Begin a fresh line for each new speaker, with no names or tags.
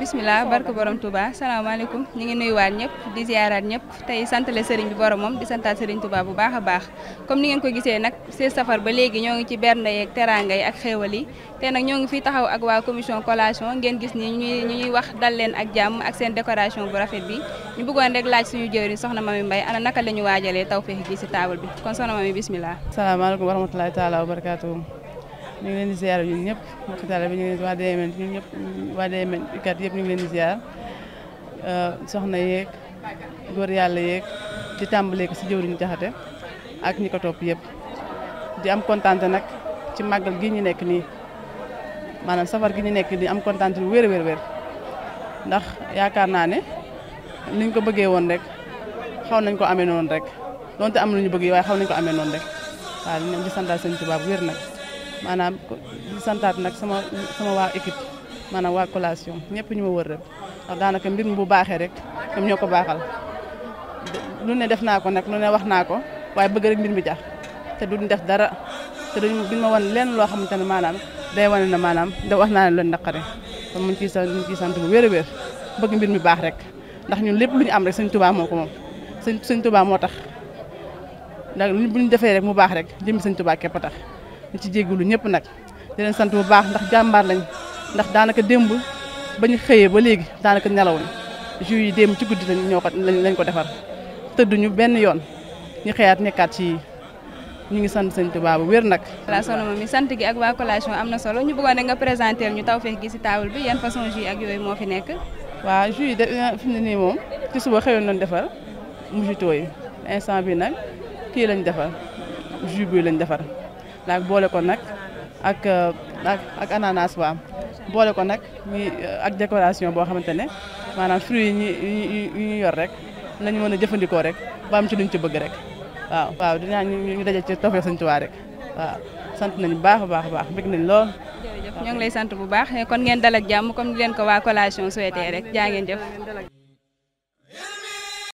Bismillah barke borom Touba salaamaaleykum ñi ngi nuyuwaat ñep di ñep tay sante le serigne bi borom mom di santaat serigne Touba bu baax baax comme ni ngeen ko gisee nak seen safar ba legi ñoo ngi ci bernde ak teranga ak xewali yi te nag ñoo ngi fi taxaw ak wa commission collation ngeen gis ni ñuy ñu ñuy wax dal leen ak jamm ak seen décoration bu rafet bi ñu bëggoon rek laaj suñu jëwri soxna Mami mbay ana naka lañu tawfiq gi ci table bi kon soxna Mami
assalamu warahmatullahi taala wabarakatuh ñu ngi leen di ziar ñun ñëpp mbokk taale bi ñu ngi waa DMN ñun ñëpp waa DMN kat yëpp ñu ngi leen di ziar euh, soxna yeeg góor yàlla yeeg di tàmbalee ko si jëwriñ jaxate ak ñi ko topp yëpp di am kontante nag ci màggal gi ñu nekk nii maanaam safar gi ñu nekk nii am kontante lu wér wér wér ndax yaakaar naa ne niñ ko bëggee woon rek xaw nañ ko amee noonu rek donte am lu ñu bëgg waaye xaw nañ ko amee noonu rek waaw ñu di santal sëñ tubaab wér nag maanaam di santaat nag sama sama waa équipe maanaam waa collation ñëpp ñu ma wër rek ndax daanaka mbir mi bu baaxee rek ñoom ñoo ko baaxal lu ne def naa ko nag lu ne wax naa ko waaye bëgg rek mbir mi jax te duñ def dara te duñ ma wan leen loo xamante ne maanaam day wane na maanaam da wax naa ne loolu naqare kon mun ciy sant mun ciy sant bu wér a wér bëgg mbir mi baax rek ndax ñun lépp lu ñu am rek sëñ Tuubaa moo ko moom sëñ Tuubaa moo tax ndax bu ñu defee rek mu baax rek jëmi sëñ Tuubaa képp tax ci jéggalu ñëpp nag di sant bu baax ndax jàmbaar lañ ndax daanaka démb ba ñu xëyee ba léegi daanaka nelawuñ jus yi démb ci guddi lañ ñoo ko lañ ko defar tëdduñu benn yoon ñu xëyaat nekkaat ci ñu ngi sant sëñ Tuubaa bu wér nag.
collation moom mi sant gi ak waa collation am na solo ñu bëggoon nga présenté ñu taw feex gis si table bi yan façon jus ak yooyu moo fi nekk.
waa jus yi de eh, fi mu ne nii moom ci suba xëyoon nañ defar mojito yi instant bi nag kii lañ defar jus bi lañ defar. daal boole ko nag ak euh, ak ak ananas boole ko nag muy euh, ak décoration boo xamante ne maanaam fruit yi ñu yor rek lañ mën a jëfandikoo rek ba am ci luñ ci bëgg rek waaw. waaw dinaa ñu ñu daje ci tawfeex Sëñ Tuubaa rek waaw sant nañu baax baax a baax bëgg nañ lool.
ñoo ngi lay sant bu baax kon ngeen dal ak jàmm comme leen ko waa collation souhaité rek jaa ngeen jëf.